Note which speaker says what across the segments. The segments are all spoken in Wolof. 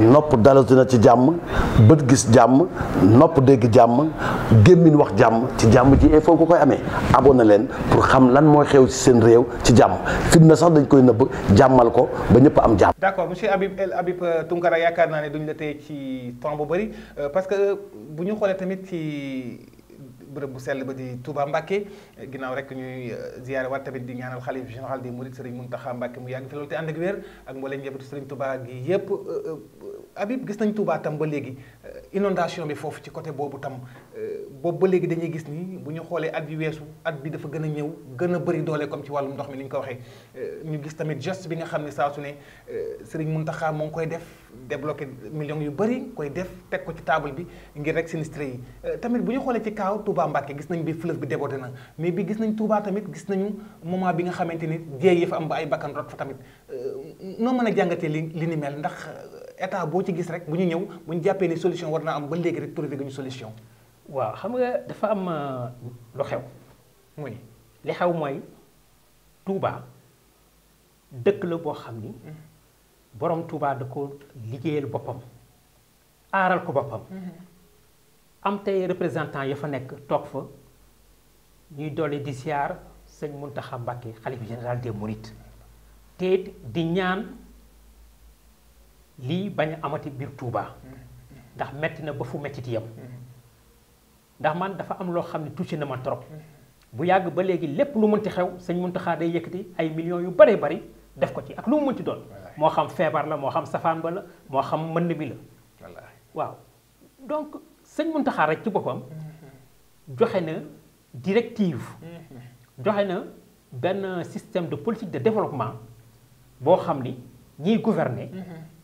Speaker 1: nopp dalatu na ci jàmm bët gis jàmm nopp dégg jàmm gémmiñ wax jàmm ci jàmm ji il foog nga koy amee abonné leen pour xam lan mooy xew ci seen réew ci jàmm fitna sax dañ koy nëbb jàmmal ko ba ñëpp am jàmm.
Speaker 2: d'accord monsieur Habib El Habib euh, Tounkara yaakaar naa ne duñ la tey ci temps bu bëri euh, parce que euh, bu ñu xoolee tamit ci. bërëb bu sell ba di Touba Mbacké ginnaaw rek ñuy euh, ziyaare waat tamit di ñaanal xalif général des mourides Serigne Mountakha Mbacké mu yàgg fi loolu te ànd ak wér ak mbooleem njabootu Serigne Touba gi yépp euh, euh, Habib gis nañ Touba tam ba léegi inondation bi foofu ci côté boobu tam euh, boobu ba léegi dañuy gis ni bu ñu xoolee at bi weesu at bi dafa gën a ñëw gën a bëri doole comme ci wàllum ndox mi ni ñu ko waxee euh, ñu gis tamit geste bi nga xam ne saa su ne euh, Serigne Mountakha moo ngi koy def débloqué millions yu bëri koy def teg ko ci table bi ngir rek sinistre yi tamit bu ñu xoolee ci kaaw Touba Mbacké gis nañ bi fleuve bi débordé na mais bi gis nañ Touba tamit gis nañu moment bi nga xamante ni jéey yi fa am ba ay tamit noo mën jàngatee li li ni mel ndax état boo ci gis rek bu ñu ñëw bu ñu jàppee ni solution war na am ba léegi rek trouvé gu ñu solution. waaw xam nga dafa am euh, lu xew. muy
Speaker 3: li xew mooy Touba dëkk la boo xam ni mm-hmm. boroom Touba da ko liggéeyal boppam aaral ko boppam. Mm-hmm. am tey représentant ya fa nekk toog fa ñuy doole di siyaar sëñ Mountakha Mbacké xalif général des Mourides te di ñaan. lii bañ a amati biir Touba ndax metti na ba fu mettit yam ndax man dafa am loo xam ne touché na ma trop bu yàgg ba léegi lépp lu mun ti xew sëñ Muntaxa day yëkkati ay million yu baree bari def ko ci ak lu mu mënti doon moo xam feebar la moo xam safaan ba la moo xam mën bi la waaw donc sëñ Muntaxa rek ci boppam joxe na directive mm-hmm. joxe na benn système de politique de développement boo xam ni ñiy gouverner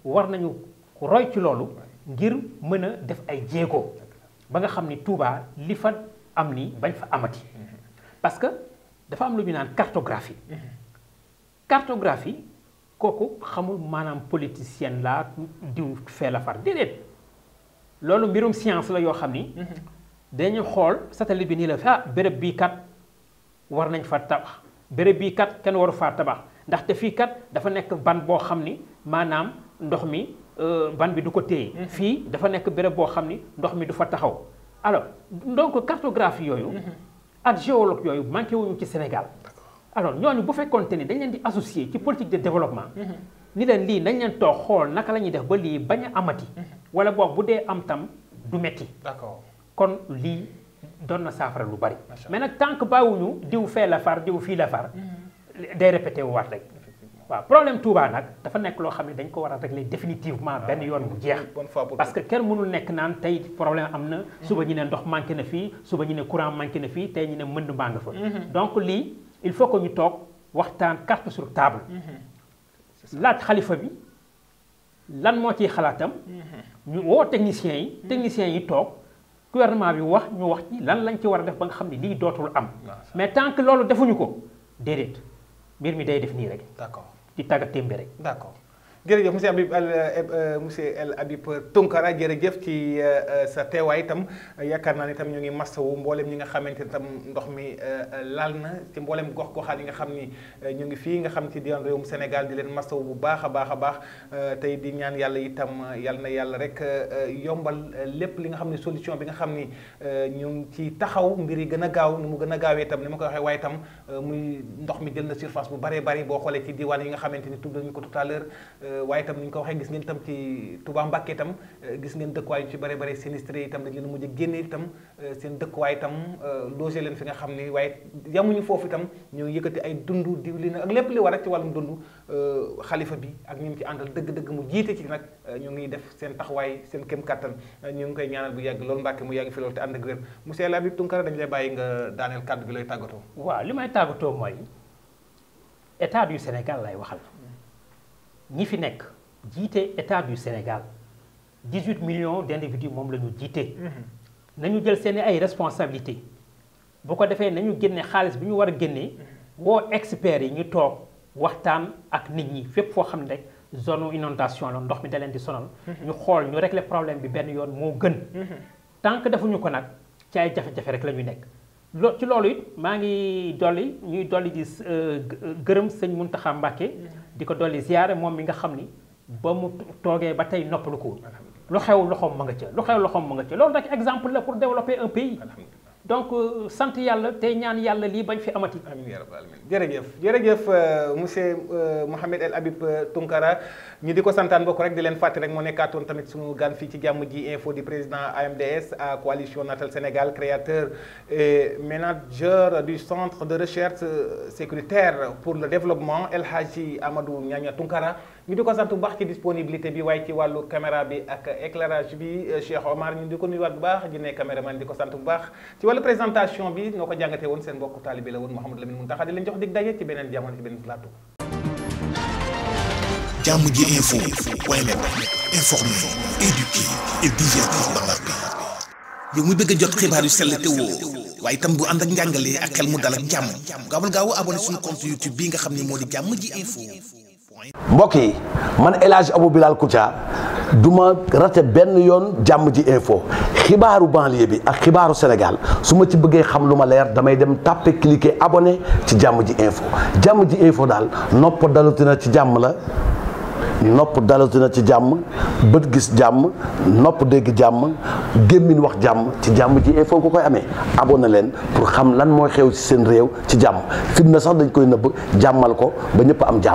Speaker 3: war nañu roy ci loolu ngir mën a def ay jéego ba nga xam ni Touba li fa am ni bañ fa amati parce que dafa am lu ñu naan cartographie cartographie kooku xamul maanaam politicien laa diw fee la far déedéet loolu mbirum science la yoo xam ni dañu xool satellite bi nii la ah béréb bii kat war nañ fa tabax béréb bii kat kenn waru faa tabax ndaxte fii kat dafa nekk ban boo xam ni maanaam ndox mi euh, ban bi du ko téye. Mm-hmm. fii dafa nekk béréb boo xam ni ndox mi du fa taxaw. alors donc cartographie yooyu.
Speaker 2: Mm-hmm.
Speaker 3: ak géologue yooyu manqué wuñu ci Sénégal. alors ñooñu bu fekkoonte ni dañ leen di associé ci politique de développement. Mm-hmm. ni leen lii nañ leen toog xool naka la ñuy def ba lii bañ a amati. wala boog bu dee am tam du metti d'accord kon lii doon na saafara lu bari. mais nag tant que bàyyiwuñu diw fee la far diw fii la far. day répété wu waat rek waaw problème Touba nag dafa nekk loo xam ne dañ ko war a régler définitivement ah, benn yoon bu jeex parce que kenn mënul nekk naan tey problème am na mm-hmm. suba ñu ne ndox manqué na fii suba ñu ne courant manqué na fii tey ñu ne mënd maa nga fa mm-hmm. donc lii il faut que ñu toog waxtaan carte sur table mm-hmm. laaj xalifa bi lan moo ciy xalaatam ñu woo techniciens yi techniciens yi toog gouvernement bi wax ñu wax ci lan lañ ci war a def ba nga xam ne lii dootul am ah, mais tant que loolu defuñu ko déedéet mbir mi day def nii rek. d'accord di tàggat témbe rek. d'accord
Speaker 2: jërëjëf monsieur Habib al eh, monsieur El Habib Tounkara jërëjëf ci eh, sa teewaay itam yaakaar naa ni itam ñu ngi masawu mbooleem ñi nga xamante ni itam ndox mi eh, laal na ci mboolem gox goxaan yi nga xam ni ñu ngi fii nga xam ci diwaan réewum Sénégal di leen masawu bu baax a baax a baax tey di ñaan yàlla itam yal na yàlla rek yombal lépp li nga xam ne solution bi nga xam ni ñu ngi taxaw mbir yi gën a gaaw mu gën a gaawee itam ni ko waxee waaye itam muy ndox mi jël na surface bu bari boo xoolee ci diwaan yi nga xamante ni tudd nañu ko tout à Euh, waaye itam ni ñu ko waxee gis ngeen itam ci Touba Mbacké itam euh, gis ngeen dëkkuwaay yu ci bare bare sinistré itam dañ leen mujj génne itam euh, seen dëkkuwaay itam logé leen fi nga xam ne waaye yamuñu foofu itam ñoo yëkkati ay dund diwlin ak lépp li war rek ci wàllum dund xalifa bi ak ñi mu ci àndal dëgg-dëgg mu jiite ci nag ñu ngi def seen taxawaay seen kem kattan ñu ngi koy ñaanal bu yàgg loolu Mbacké mu yàgg fi loolu te ànd ak wér monsieur Labib Tounkara dañu lay bàyyi nga daaneel kàdd bi lay tàggatoo waaw li may tàggatoo mooy
Speaker 3: état du Sénégal lay ñi fi nekk jiite état du Sénégal 18 millions d'individus moom lañu jiite. Mm-hmm. nañu jël seen ay responsabilités boo ko defee nañu génne xaalis bi ñu war a génnee mm-hmm. woo experts yi ñu toog waxtaan ak nit ñi fépp foo xam ne zone inondation la ndox mi da leen di sonal. Mm-hmm. ñu xool ñu régler problème bi benn yoon moo gën. tant que defuñu ko nag ci ay jafe-jafe rek lañu nekk. lo ci loolu it maa ngi dolli ñuy dolli di euh, gërëm sëñ Mountakha Mbacké. di ko dolli ziyaare moom mi nga xam ni ba mu toogee ba tey noppalu ko lu xew loxoom ma nga ca lu xew loxoom ma nga ca loolu rek exemple la pour développer un pays donc euh, sant yàlla tey ñaan yàlla lii bañ fi
Speaker 2: amati. amiin yaa jërëjëf jërëjëf euh, monsieur euh, Mouhamed El Habib Tounkara ñu di ko santaan bokk rek di leen fàtte rek moo nekkaatoon tamit suñu gan fii ci jàmm ji info di président AMDS à coalition Natal Sénégal créateur et manager du centre de recherche sécuritaire pour le développement El Hadji Amadou Niania Tounkara ñu di ko sant bu baax ci disponibilité bi waaye ci wàllu caméra bi ak éclairage bi euh, Cheikh Omar ñu di ko nuyuwaat bu baax di di ko sant bu baax ci wàllu présentation bi noo ko jàngatee woon seen mbokku taalibe la woon Mouhamadou Lamine Mountakha di leen jox dig daje ci beneen jamono ci beneen plateau.
Speaker 1: jàmm ji info point net informer, éduquer
Speaker 2: a waaye itam bu ànd ak njàngalee ak xel mu dal ak jàmm gaawal gaaw abonné suñu compte YouTube bii nga xam ne moo di jàmm ji info.
Speaker 1: mbokk yi man El Hadj Abou Bilal Koutia du ma rate benn yoon jàmm ji info xibaaru banlieue bi ak xibaaru Sénégal su ma ci bëggee xam lu ma leer damay dem tàppe cliquer abone ci jàmm ji info jàmm ji info daal nopp dalutina ci jàmm la nopp dalatina ci jàmm bët gis jàmm nopp dégg jàmm gémmiñ wax jàmm ci jàmm ji info nga koy amee abonné leen pour xam lan mooy xew ci seen réew ci jàmm fitna sax dañ koy nëbb jàmmal ko ba ñëpp am jàmm